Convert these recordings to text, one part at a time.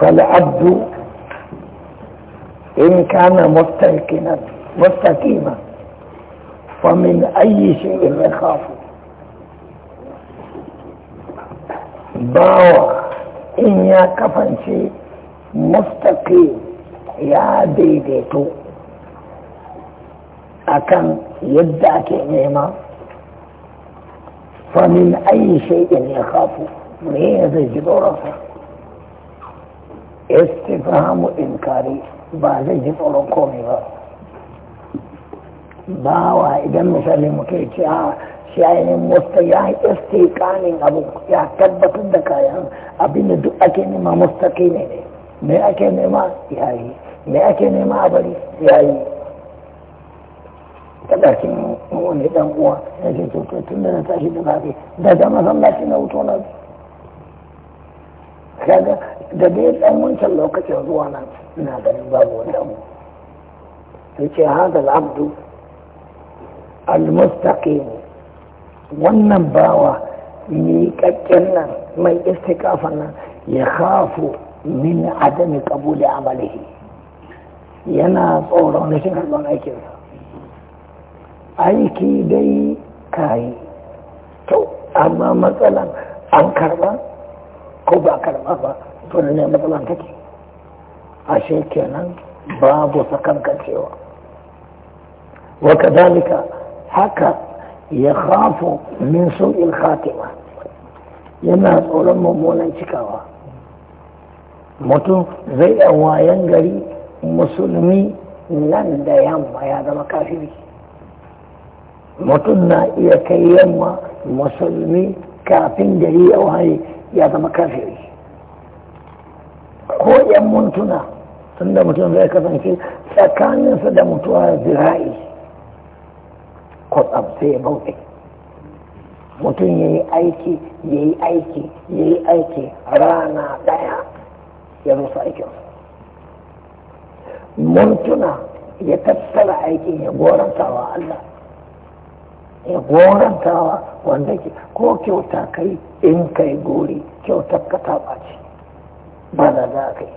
فالعبد إن كان مستكينا مستقيما فمن أي شيء يخاف باوى إن يا كفن شيء مستقيم يا ديديتو أكن يدعك نعمة فمن أي شيء يخاف من جدورة فرق istifhamu inkari ba zai ji tsoron komai ba bawa idan misali muke ce a ah, shi musta ya yi istiƙanin abu ya tabbatar da kayan abinda duk ake nema mustaƙi ne ne me ake nema ya yi me ake nema a bari ya yi ta ɗakin wani dan uwa ya ce to tun da na tashi da zafi daga san na wuto na kaga da dai ɗan wancan lokacin zuwa nan ina ganin babu wani abu sai ce haɗa al'abdu al-mustaqim wannan bawa miƙaƙƙen nan mai istiƙafan nan ya khafu min adami qabuli amalihi yana tsoron rashin karɓar aikinsa aiki dai kayi to amma matsalan an karɓa ko ba karɓa ba tun ne matsalan take ashe kenan babu sakankancewa wa kadalika haka ya khafu min il khatima yana tsoron mummunan cikawa mutum zai a wayan gari musulmi nan da yamma ya zama kafiri mutum na iya kai yamma musulmi kafin gari ya waye ya zama kafiri ko yan muntuna tun da mutum zai kasance tsakaninsa da mutuwa zira'i kwatsam sai ya bauɗe mutum ya yi aiki ya yi aiki ya yi aiki rana ɗaya ya rusa aikin muntuna ya tattara aikin ya gorantawa Allah ya gorantawa wanda ke ko kyauta kai in kai gori kyautar ka taɓa ce ba zaga ka yi.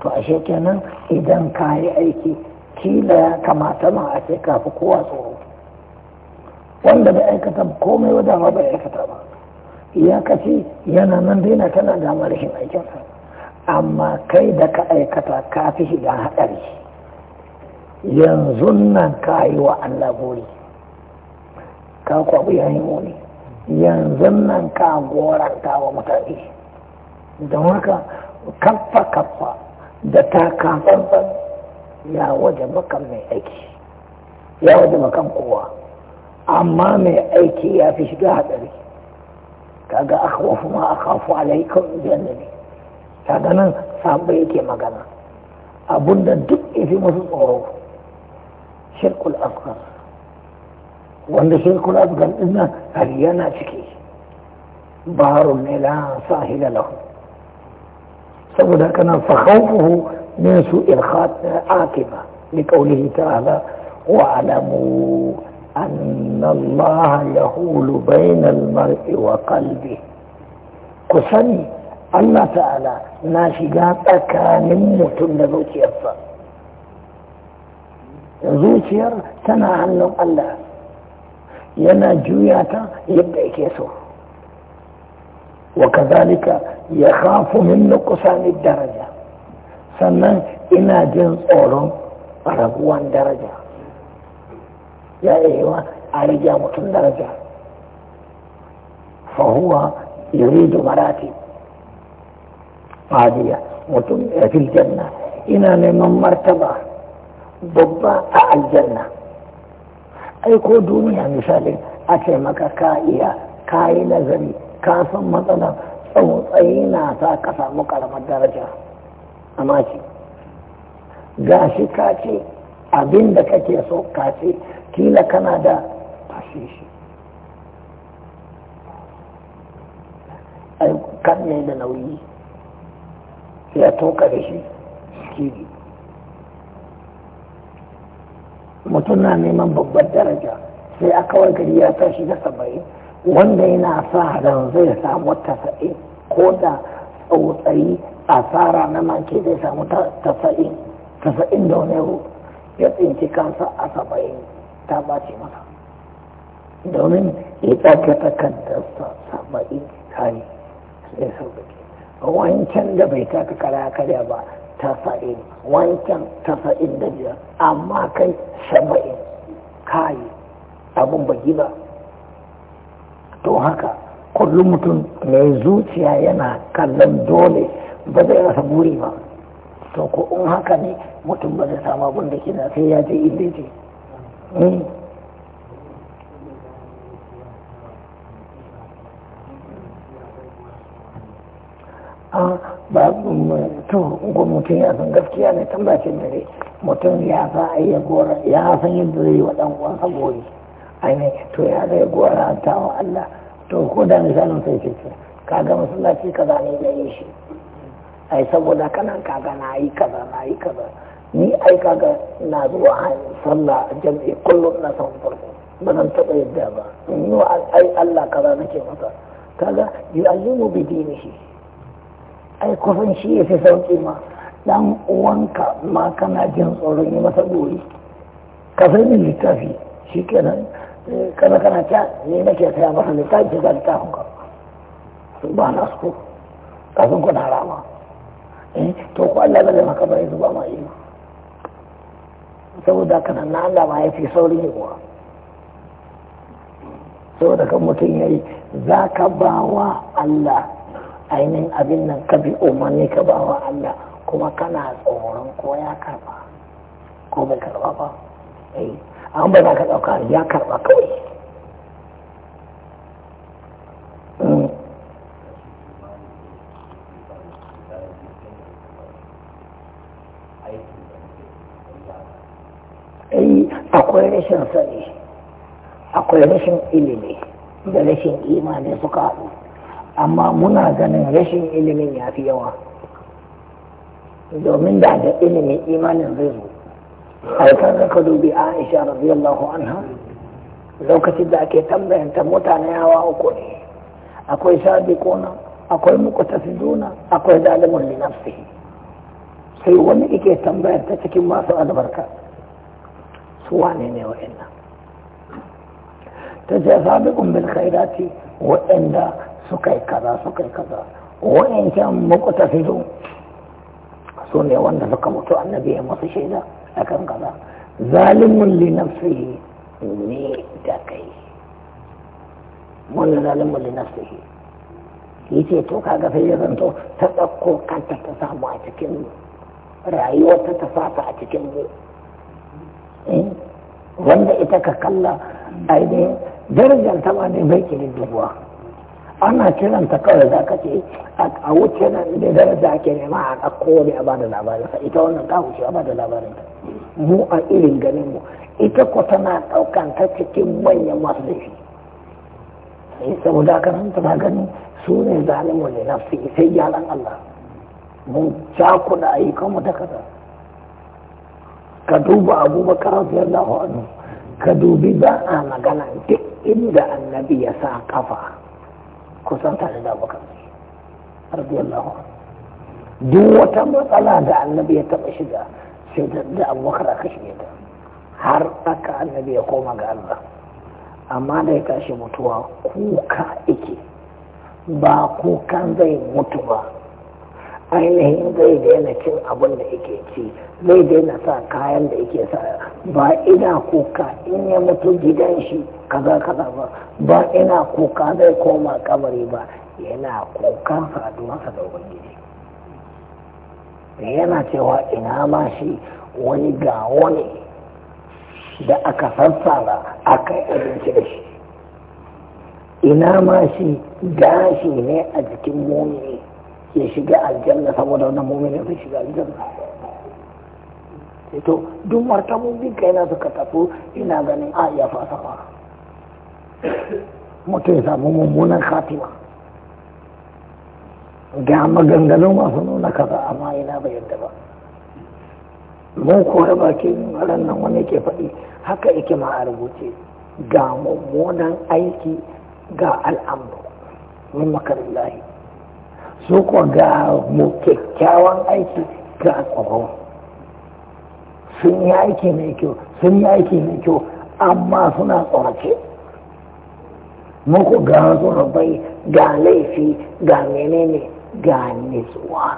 to ashe kenan idan ka yi aiki kila ya kamata ma a ce kafi kowa tsoro wanda bai aikata komai wadda ma bai aikata ba kaci yana nan daina tana dama rashin aikinsa amma kai da ka aikata kafi shiga haɗari yanzu nan ka yi wa Allah gori ka kwabu yayin wani yanzu nan ka goranta wa mutane دواك كفا كفا دتا كافر يا وجب كم مي ايكي يا وجب كم قوة اما مي ايكي يا فيش قاعد لي كاقا اخوف ما اخاف عليكم جنني كاقا نن سابيكي مغانا ابن دك في مصر اورو شرك الاصغر وند شرك الاصغر انه هل ينا تكي بار النيلان ساهل لهم فهذا كان فخوفه من سوء العاقبة لقوله تعالى واعلموا أن الله يهول بين المرء وقلبه كسني الله تعالى ناشيان أكان متن ذوتي أفا ذوتي سنة عنه ألا ينا جوياتا يبقى كيسو وكذلك يخاف من نقصان الدرجة سنة إنا جن أورم رغوان درجة يا إيوة أرجع مكن درجة فهو يريد مراتب عادية متن في الجنة إنا لمن مرتبة ضبا الجنة أي كو دنيا مثال أتي مكا كائية كائنة زري كاسم مطلب tsautsayi na sa ka samu karamar daraja a maki ga shi ka ce abin da kake so ka ce kila kana da tashi shi kan ne da nauyi ya toka da shi kiri mutum na neman babbar daraja sai aka wargari ya tashi da saba'in wanda yana sa ran zai samu tasa'in ko da tsautsayi asara na manke zai samu tasa'in tasa'in da wani ru ya tsinci kansa a saba'in ta bace masa domin ya tsaka takardarsa saba'in kari sai sauƙaƙe wancan da bai taka kara karya ba tasa'in wancan tasa'in da biyar amma kai saba'in kayi abun bagi ba to haka kullum mutum mai zuciya yana kallon dole ba zai rasa buri ba to ko in haka ne mutum ba zai samu abin da kina sai ya je inda ce hmm. a ah, ba to ko mutum ya san gaskiya ne tambacin dare mutum ya sa ayyagora, ya san yadda zai yi wa ɗan uwansa gori aini to ya zai gora ta wa Allah to ko da misalin sai ce ka ga masallaci kaza ne da yi shi ai saboda kanan kaga na yi kaza na yi kaza ni ai ga na zuwa an sallah jam'i kullum na san farko ba zan taɓa yadda ba Ni wa ai Allah kaza nake masa kaga yu'allimu bi dinihi ai kusan shi ya fi sauƙi ma dan uwanka ma kana jin tsoron yi masa goyi ka sani littafi shi kenan kana kana ta ne nake saya masa littafi ga ta ka su ba na su kafin kuna rama eh to ko Allah ba zai maka bai zuba ma ilimi saboda kana na Allah ma yafi saurin yiwuwa saboda kan mutum yayi za ka ba wa Allah ainihin abin nan ka bi umarni ka ba wa Allah kuma kana tsoron ko ya karba ko bai karba ba eh, an ba za ka ɗauka ya karɓa kawai mm. akwai rashin sani akwai rashin ilimi da rashin imani suka haɗu amma muna ganin rashin ilimin ya fi yawa domin da da ilimin imanin zai zo ai kaga ka dubi Aisha radiyallahu anha lokacin da ake tambayanta mutane hawa uku ne akwai sabiquna akwai muqtasiduna akwai zalimun li nafsihi sai wani yake tambayar ta cikin masu albarka su wane ne wa'annan ta ce sabiqun bil khairati wa'anda suka yi kaza suka yi kaza wa'ancan muqtasidun su ne wanda suka mutu annabi ya masu shaida akan kaza zalimun li nafsihi ne da kai wannan zalimun li nafsihi yace to kaga sai ya zanto ta dauko kanta ta samu a cikin rayuwa ta fata a cikin mu eh? wanda ita ka kalla ainihin darajar ta ma ne bai kirin dubuwa ana kiranta kawai za ka ce a wuce nan da daraja ake nema a ɗauko wani a bada labarinsa ita wannan ta wuce a bada labarinta mu a irin ganin mu ita ko tana ɗaukan ta cikin manyan masu laifi eh, saboda haka nan tana gani su ne zalimu ne nafsi sai yaran Allah mun cakuɗa ayyukan mu ta kasa ka duba abubakar radiyallahu anhu ka dubi ba a magana duk inda annabi ya sa kafa kusan tare da abokan radiyallahu duk wata matsala da annabi ya taɓa shiga sai da da abubakar aka shige ta har aka annabi ya koma ga Allah amma da ya tashi mutuwa kuka ike ba kukan zai mutu ba ainihin zai daina cin abin da yake ci zai daina sa kayan da yake sa ba ina kuka in ya mutu gidan shi kaza kaza ba ba ina kuka zai koma kabari ba yana kukan saduwarsa da ubangiji yana cewa ina ma shi wani ga wani da aka sassara aka yi abinci da shi ina ma shi gashi ne a jikin mumini ya shiga aljanna saboda wannan muminin sun shiga aljanna to duk martabobin kai na suka tafi ina ganin a ya fasa mutum ya samu mummunan khatima ga maganganu masu nuna kaza amma ina bai yadda ba mun kora bakin ran nan wani ke faɗi haka yake ma a rubuce ga mummunan aiki ga al'amru min makarillahi su ko ga mu kyakkyawan aiki ga ƙwaƙwau sun yi aiki mai kyau sun yi aiki mai kyau amma suna tsorace muku ga zurbai ga laifi ga menene ga nitsuwa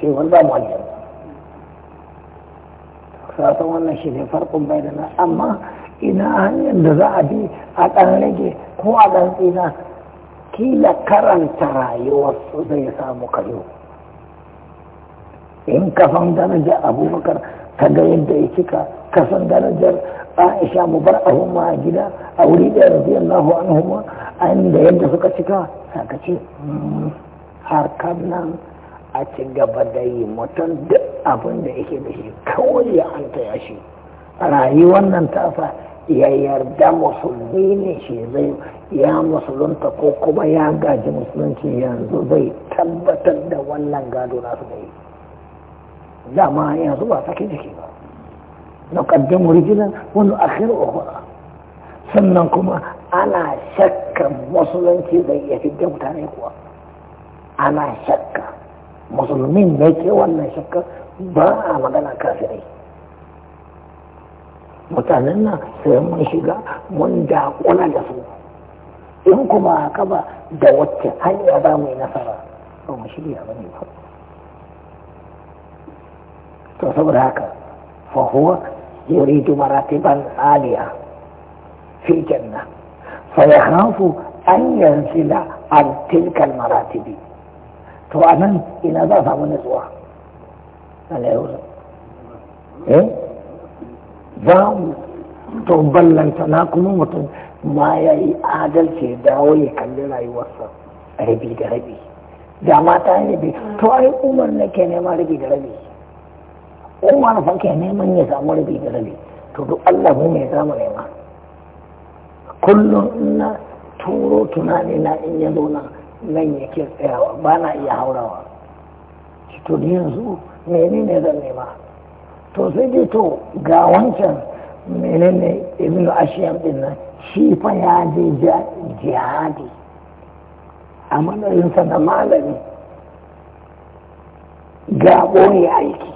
shi wani ba mu yau. sata wannan shi ne farkon bai da amma ina hanyar da za a bi a ɗan rage ko a ɗan tsina kila karanta rayuwarsu zai samu kayo in ka san darajar abubakar ka ga yadda ya cika ka san darajar aisha mu bar ahumma a gida a wuri da an anhuma a inda yadda suka cika saka ce hmm, harkar nan a ci gaba da yi mutum duk abin da yake da shi kawai ya hanta ya shi rayuwar nan tafa ya yarda musulmi ne shi zai ya musulunta ko kuma ya gaji musulunci yanzu zai tabbatar da wannan gado nasu da yi dama yanzu ba sake jiki ba na ƙaddamu rijinan wani akhir ukhra sannan kuma ana shakka musulunci zai iya fidda mutane kuwa ana shakka musulmi ne ke wannan shakka ba a magana kafirai mutanen nan sai mun shiga mun dakuna da su in kuma haka ba da wacce hanya ba mai nasara ba mu shirya ba ne ba to saboda haka fa huwa yuridu maratiban aliya fi janna fa yakhafu an yanzila an tilka maratibi to anan ina za samu nutsuwa Allah ya eh za mu to ballanta na kuma mutum ma ya yi adalci dawo ya kalli rayuwarsa rabi da rabi da mata yi rabi. to ai umar na ke neman rabi da rabi umar fa ke neman ya samu rabi da rabi to duk Allah mu ne zamu nema kullum na turo tunani na in ya zo nan nan yake tsayawa ba na iya haurawa to yanzu menene zan nema to sai dai to ga wancan menene ibn ashiyar din nan shi fa ya je jihadi a matsayinsa na malami ga ne aiki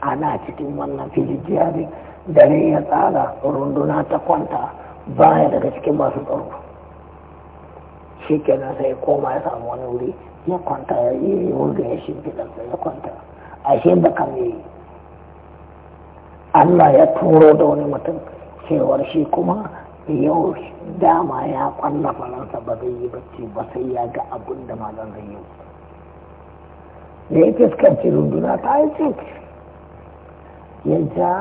ana cikin wannan filin jihadi dare ya tsara runduna ta kwanta baya daga cikin masu tsaro shi kenan sai koma ya samu wani wuri ya kwanta ya yi wurga ya shimfiɗarsa ya kwanta ashe baka mai Allah ya turo da wani mutum cewar shi kuma yau dama ya kwalla faransa ba zai yi bacci ba sai ya ga abin da malam zai yi da ya fuskanci runduna ta yi ce ya ja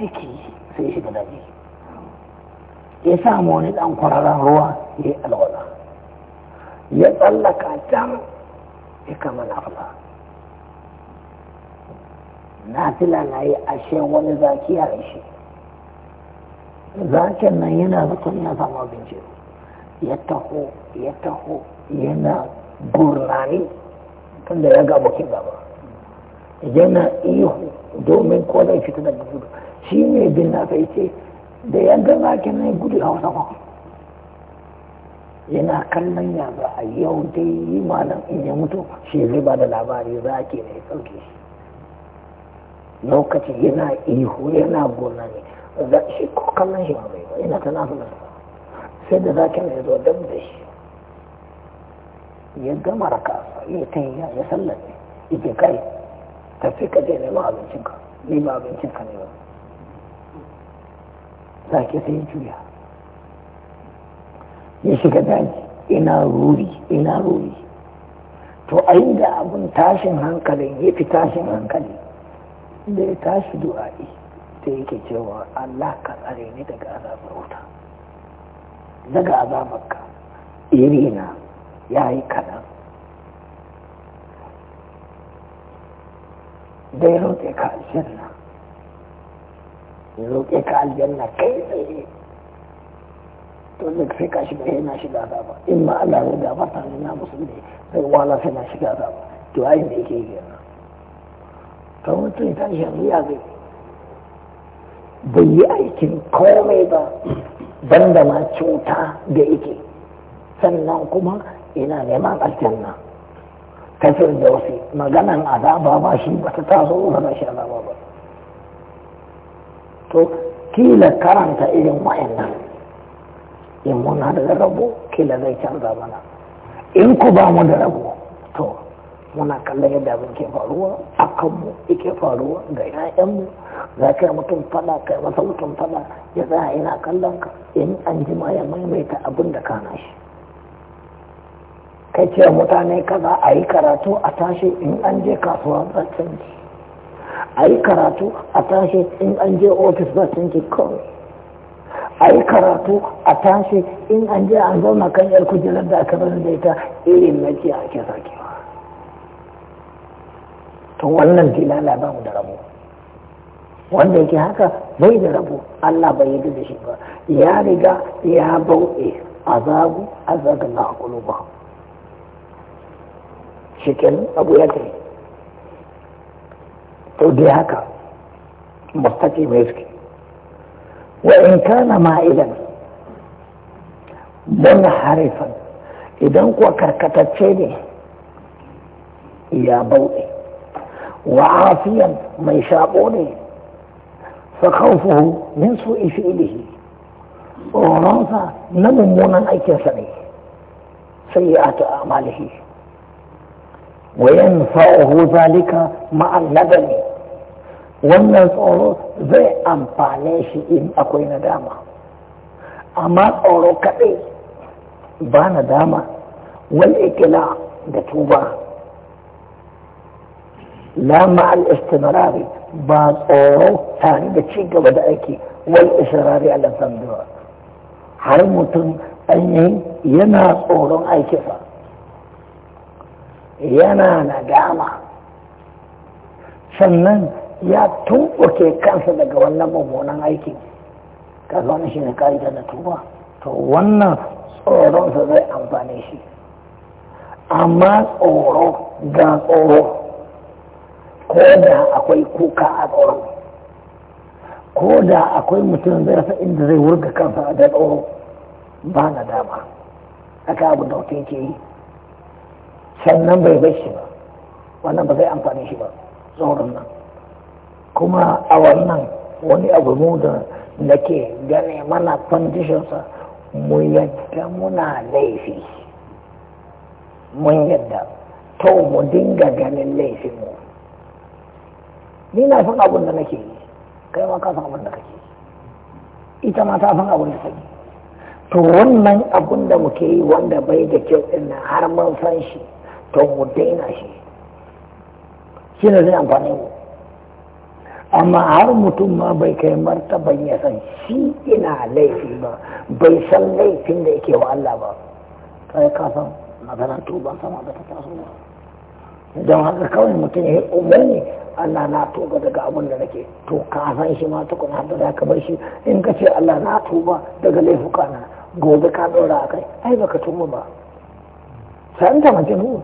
jiki sai shiga daji ya samu wani dan kwararren ruwa ya yi alwala ya tsallaka can ya kama na na fila na yi ashe wani zaki ya shi zakin nan yana zukun ya samu abinci ya taho ya taho yana gurnani tunda ya ga abokin gaba yana ihu domin ko zai fita daga gudu shi ne bin na ce da yadda zakin nan gudu a wasa kwa yana kallon ya a yau dai malam in ya mutu shi zai ba da labari zaki ne ya sauke shi lokaci yana ihu yana gona ne za shi ko kallon shi ba bai ba yana ta nafilar sai da ka mai zo dab da shi ya gama raka ya ta yi ya sallar ne ike kai fi ka je abincin abincinka ni ba abincinka ne ba zaki sai ya juya ya shiga daji ina ruri ina ruri to a inda abin tashin hankalin ya fi tashin hankali da ya tashi du'a'i sai yake cewa Allah ka tsare ni daga azabar wuta daga azabarka irina ya yi kaɗan da ya roƙe ka aljanna ya roƙe ka aljanna kai tsaye to duk sai ka shiga yana shiga azaba in ma Allah ya gabata ne na musulmi sai wala sai na shiga azaba to ayin da yake yi yana. ta mutum ta yanzu ya zai bai yi aikin komai ba banda ma cuta da yake sannan kuma ina neman aljanna kafin da wasu maganan azaba ba shi ba ta taso ba shi azaba ba to kila karanta irin wa'annan in mun da rabo kila zai canza mana in ku ba mu da rabo to muna kallon yadda abin ke faruwa a kanmu yake faruwa ga 'ya'yanmu za ka yi mutum fada kai masa mutum fada ya yi yana kallon ka in an ma ya maimaita abin da ka shi kai ce mutane kaza a yi karatu a tashi in an je kasuwa za canji a yi karatu a tashi in an je ofis za canji kawai a yi karatu a tashi in an je an zauna kan yar kujerar da aka bar ita irin na a ake sakewa to wannan dilala ba mu da rabo wanda yake haka bai da rabo Allah bai yi da shi ba ya riga ya bauɗe azabu azagan na ba shikin abu ya kai to dai haka mustaki mai suke wa in kana ma'ilan mun harifan idan kuwa karkatacce ne ya bauɗe وعافيا من شاقوني فخوفه من سوء فعله ورافع نمونا أيكي سني سيئات أعماله وينفعه ذلك مع اللبن والنصر ذي أمطاليش إن أكوين داما أما أروكبي بان داما والإكلاء دتوبا la ma'al istimrari ba tsoro tare da ci gaba da aiki wal israri ala ba har mutum ɗanyen yana tsoron aikinsa yana nadama sannan ya tumɓuke kansa daga wannan mummunan aikin ka wani shi ne ƙarita na tuba to wannan tsoronsa zai amfane shi amma tsoro ga tsoro ko da akwai kuka a tsoro ko da akwai mutum zai rasa inda zai wurga kansa da tsoro ba na dama aka abu da mutum ke yi sannan bai bai shi ba wannan ba zai amfani shi ba tsoron nan kuma a wannan wani abu muda da nake gane mana kwandishinsa mu yadda muna laifi mun yadda to mu dinga ganin laifinmu ni na san abin da nake kai ma ka san abin da kake ita ma ta san abin da kake to wannan abin da muke yi wanda bai da kyau din nan har mun san shi to mu daina shi shi ne zai amfani mu amma har mutum ma bai kai martaban ya san shi ina laifi ba bai san laifin da yake wa Allah ba kai ka san magana tuban sama da ta kasu ba don haka kawai mutum ya umarni Allah na toga daga abin da nake to ka san shi ma tukun har da ka bar shi in ka ce Allah na toba daga laifuka na gobe ka dora a kai ai baka tuba ba san ta mace nu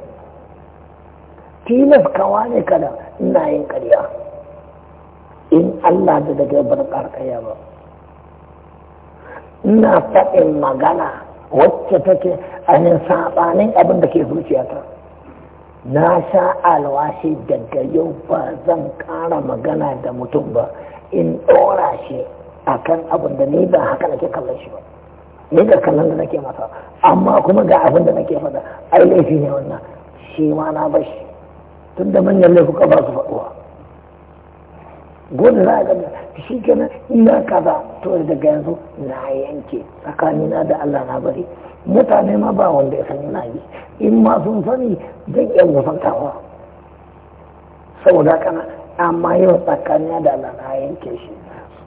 tilas kawa ne kada ina yin karya in Allah da daga bar ƙarƙaya ba ina faɗin magana wacce take ainihin saɓanin abin da ke zuciyata. ta na sha alwashi daga yau ba zan kara magana da mutum ba in ɗora shi a kan abin da ni ba haka nake kallon shi ba ni da kallon da nake masa amma kuma ga abin da nake faɗa ai laifi ne wannan shi ma na bashi tun da manyan laifuka ba su faɗuwa gudun za a ga shi kenan ina kaza to daga yanzu na yanke tsakanina da Allah na bari mutane ma ba wanda ya sani na yi in ma sun sani zai iya musantawa saboda kana amma yau tsakanina da Allah na yanke shi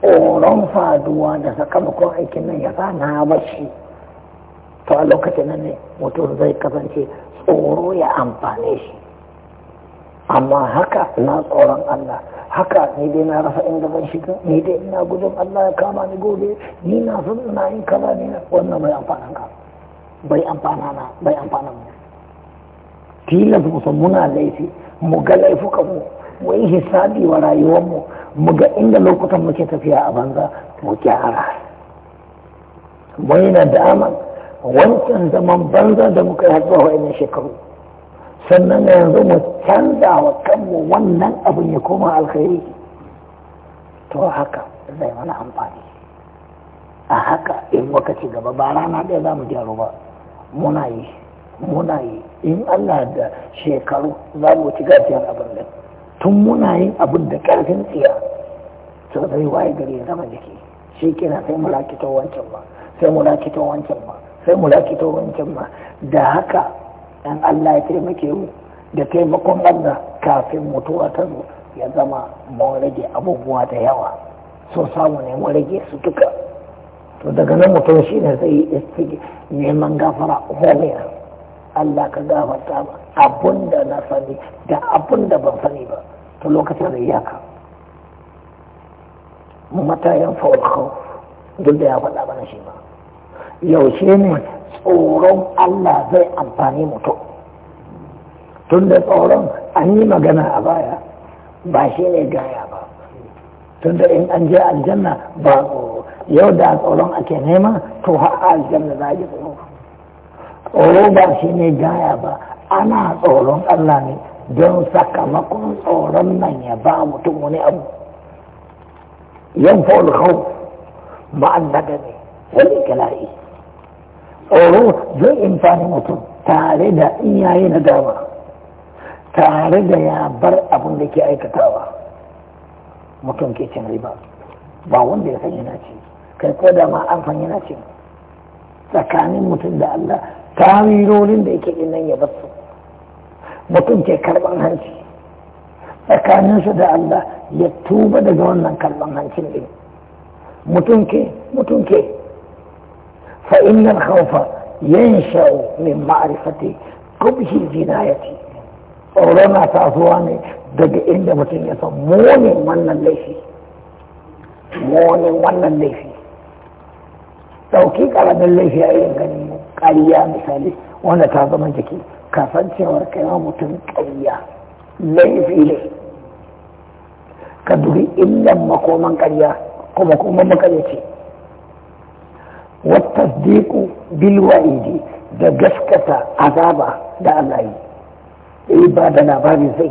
tsoron faduwa da sakamakon aikin nan ya sa na bashi to a lokacin nan ne mutum zai kasance tsoro ya amfane shi amma haka na tsoron Allah haka ni dai na rasa inda zan shiga ni dai ina gudun Allah ya kama ni gobe ni na sun na yin kaza ne wannan bai amfanan ka bai amfana na bai amfana mu tilas mu muna laifi mu ga laifukan mu mu yi hisabi wa rayuwar mu mu ga inda lokutan muke tafiya a banza mu gyara mu yi nadama wancan zaman banza da muka yi har zuwa wa'annan shekaru sannan yanzu mu canza wa kanmu wannan abin ya koma alkhairi to haka zai mana amfani a haka in waka ci gaba ba rana ɗaya za mu gyaru ba muna yi muna yi in Allah da shekaru za mu ci gajiyar abin da tun muna yin abin da ƙarfin tsiya to zai waye gari ya zama jiki shi kina sai mu lakito wancan ba sai mu lakito wancan ba sai mu lakito wancan ba da haka dan Allah ya taimake mu da taimakon Allah kafin mutuwa ta zo ya zama mun rage abubuwa da yawa so samu ne mun rage su duka to daga nan mutum shi ne zai yi neman gafara homina Allah ka gafarta ba abun da na sani da abun da ban sani ba to lokacin da iyaka matayan fa'ul duk da ya faɗa mana shi ba yaushe ne tsoron Allah zai amfani mutum tun da tsoron an yi magana a baya ba shi ne gaya ba tun da in an je aljanna ba yau da tsoron ake nema to har aljanna za a yi tsoro tsoro ba shi ne gaya ba ana tsoron Allah ne don sakamakon tsoron nan ya ba mutum wani abu yan fa'ul an daga ne, wani kala'i tsoro zai imfani mutum tare da in na dama tare da ya bar abin da ke aikatawa mutum ke cin riba ba wanda ya san yana ce kai ko dama ma an san yana ce tsakanin mutum da Allah tawilolin da yake din nan ya bar su mutum ke karban hanci tsakaninsu da Allah ya tuba daga wannan karban hancin din mutum ke mutum ke فإن الخوف ينشأ من معرفة قبح الجناية أولونا تأثواني دق إن دمتن متن موني من الليفي موني من الليفي توكيك على الليفي أين غني قرية مثالي وانا تعظم جكي كفنسي وركنا متن قرية ليفي لي كدري إلا مقوما قليا kuma قوما قليتي والتصديق بالوعيد ده جسكة عذابة ده الله إيه بعد نباري زي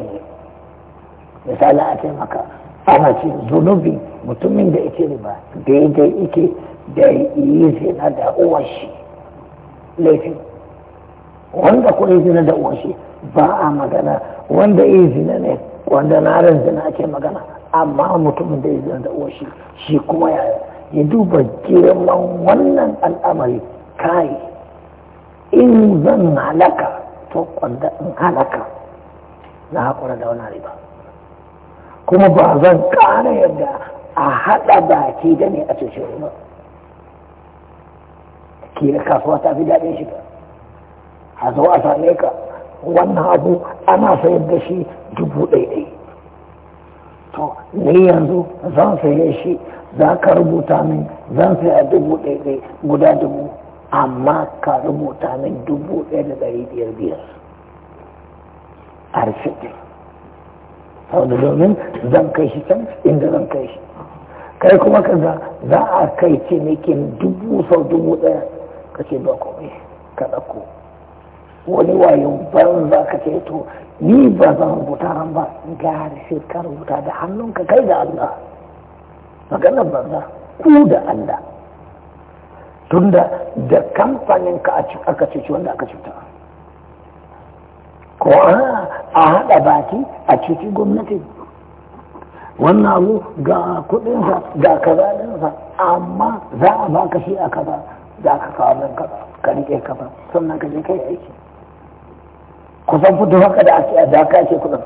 مثال أتمكى ana ce zunubi mutumin da yake ba daidai yake da yi zina da uwashi laifin wanda kuma yi zina da uwashi ba a magana wanda yi zina ne wanda ran zina ake magana amma mutumin da yi zina da uwashi shi kuma yaya ya duba girman wannan al'amari kai in zan halaka to kwanda in halaka na haƙura da wani riba kuma ba zan ƙara yadda a haɗa baki da ne a cuce ba da kasuwa ta fi daɗin ba a zo a same ka wannan abu ana sayar da shi dubu ɗaya to ni yanzu zan saye shi za ka rubuta min zan saya dubu ɗaya guda dubu amma ka rubuta min dubu ɗaya da ɗari biyar biyar a saboda domin zan kai shi can inda zan kai shi kai kuma ka za a kai cinikin dubu sau dubu ɗaya ka ce ba komai ka ɗauko wani wayo banza ka ce to ni ba zan rubuta ran ba gari sai ka rubuta da hannunka kai da Allah maganar banza ku da Allah tunda da kamfanin ka aka cuci wanda aka cuta ko a haɗa baki a cuci gwamnati wannan abu ga kudinsa ga kaza amma za a baka shi a kaza da ka kawo kaza ka riƙe ba. sannan ka je kai aiki kusan fito haka da ake da haka ake kudin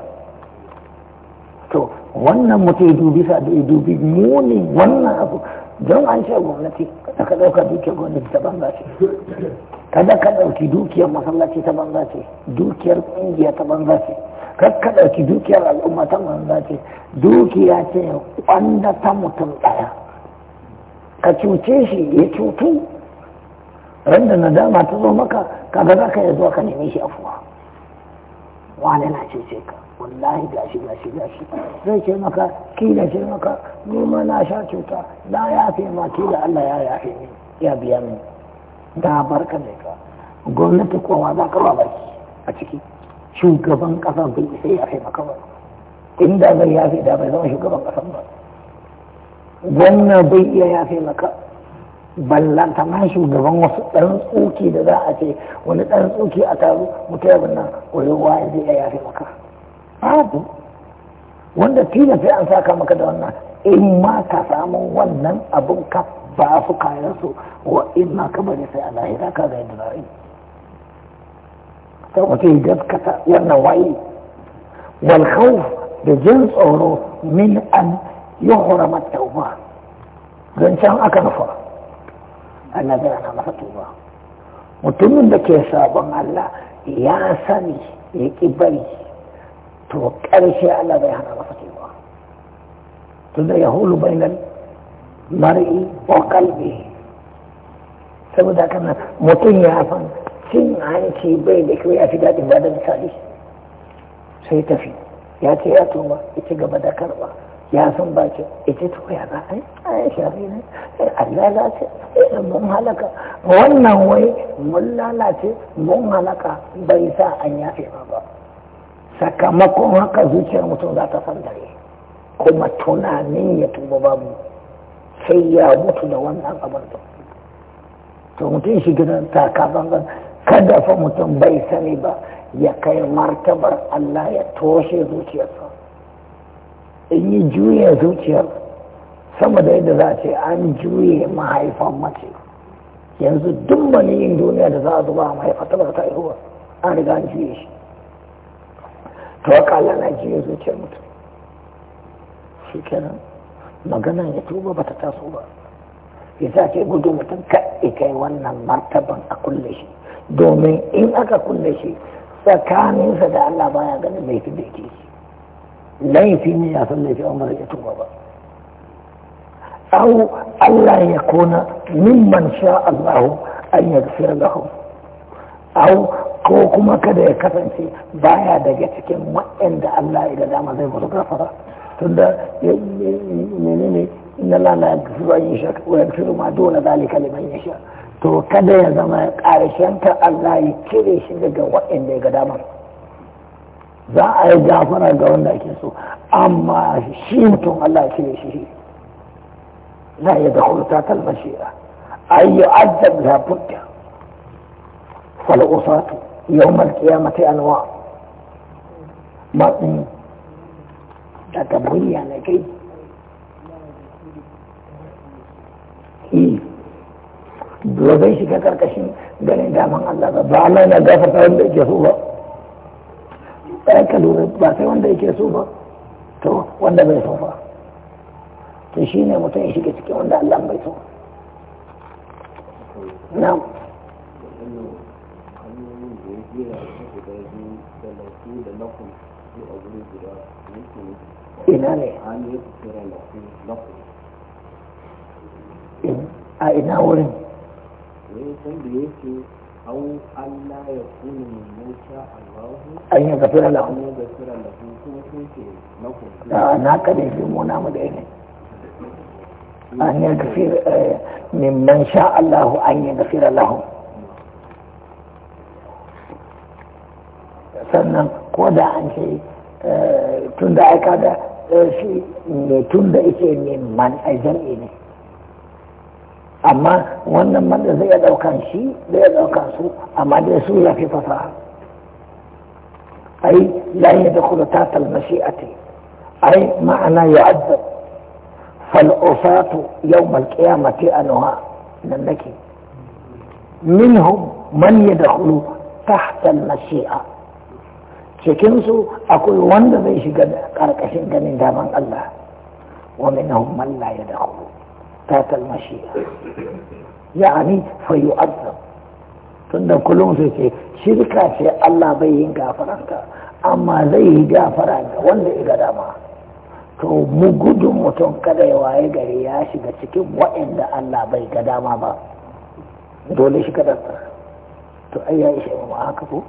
to wannan mutum ya dubi sa da ya dubi muni wannan abu don an ce gwamnati kada ka ɗauka dukiyar gwamnati ta banza ce kada ka ɗauki dukiyar masallaci ta banza ce dukiyar kungiya ta banza ce kada ka ɗauki dukiyar al'umma ta banza ce dukiya ce wanda ta mutum ɗaya ka cuce shi ya cutu randa nadama ta zo maka kaga za ka yi zuwa ka neme shi afuwa wani na ce ka wallahi gashi gashi gashi zai ce maka kila ce maka nima na sha cuta na yafe ma kila Allah ya yafe ni ya biya ni da barka ne ka gwamnati kowa za ka ba a ciki shugaban kasa bai isa yafe maka ba inda zai yafe da bai zama shugaban kasan ba gwamna bai iya yafe maka ballanta ma shugaban wasu ɗan tsoki da za a ce wani ɗan tsoki a taru mutu yabin nan wani ya zai ya fi maka babu wanda tilas sai an saka maka da wannan in ma ka samu wannan abin ka ba su kayan su wa in ma ka bari sai a lahira ka zai da zari ta wata yi gaskata wannan waye wal khawf da jin tsoro min an yi yuhrama tauba zancen aka nufa Allah zai ana mutumin da ke sabon Allah ya sani ya ƙi bari to ƙarshe Allah zai hana masa tuba da ya hulu bainan mar'i wa kalbi saboda kana mutum ya san cin hanci bai da kyau ya fi daɗin ba da misali sai tafi ya ce ya tuma ya ci gaba da karɓa ya san baki ce ita ta koya ba ai shafi ne Allah lalace eh mun halaka wannan wai mun lalace mun halaka bai sa an yafe ba ba sakamakon haka zuciyar mutum za ta sandare kuma tunanin ya tuba babu sai ya mutu da wannan abar da to mutum shi gidan takaban kada fa mutum bai sani ba ya kai martabar Allah ya toshe zuciyarsa In yi juya zuciyar sama da yadda za a ce an juye mahaifan mace yanzu duk yin duniya da za a zuba a mahaifa ta ba ta haihuwa an riga an juye shi kala na juya zuciyar mutum shi kenan magana ya tuba ba ta taso ba ya za ce gudu mutum kaɗai kai wannan martaban a kulle shi domin in aka kulle shi tsakaninsa da Allah baya ganin mai da shi laifi ne ya san laifi umar ya tuba ba au Allah ya kona mimman sha Allah an ya da lahu au ko kuma kada ya kasance baya daga cikin waɗanda Allah ya ga dama zai musu gafara tunda menene inna la la yin an ko wa yaghfiru ma duna zalika yasha to kada ya zama karshen ta Allah ya cire shi daga waɗanda ya ga dama za a yi gafara ga wanda ake so amma shi mutum Allah ya shirye shi la ya da hulta kalmar shi'a ay yu'azzab la budda fal usatu yawm al qiyamati anwa ma din da tabriya ne kai dole shiga karkashin ganin daman Allah ba ba na gafarta wanda yake so ba sai ka lura ba sai wanda yake so ba to wanda bai so ba to shi ne mutum ya shiga cikin wanda Allah bai so na ina ne a ina wurin أو ألا يكون شاء الله أن يغفر له أن يغفر له كنت نقول لا sannan ko da an ce tun da aika da shi ne tun da ike man a jam'i ne amma wannan man da zai ɗaukan shi zai ɗaukan su amma dai su ya fi fasaha ai la ya da kula ta talmashi a te ai ma'ana ya azzab fal'usatu yau malƙiyamati a nuha nan nake minhum man ya da kulu tahtal mashi'a cikinsu akwai wanda zai shiga ƙarƙashin ganin daman Allah wa minhum man la ya da kulu تحت المشيئة يعني فيؤذب tunda kullum sai ce shirka ce Allah bai yin gafaranta amma zai yi gafara ga wanda ya dama to mu gudun mutum kada ya waye gari ya shiga cikin waɗanda Allah bai ga dama ba dole shi kada to ai ya ishe mu haka ko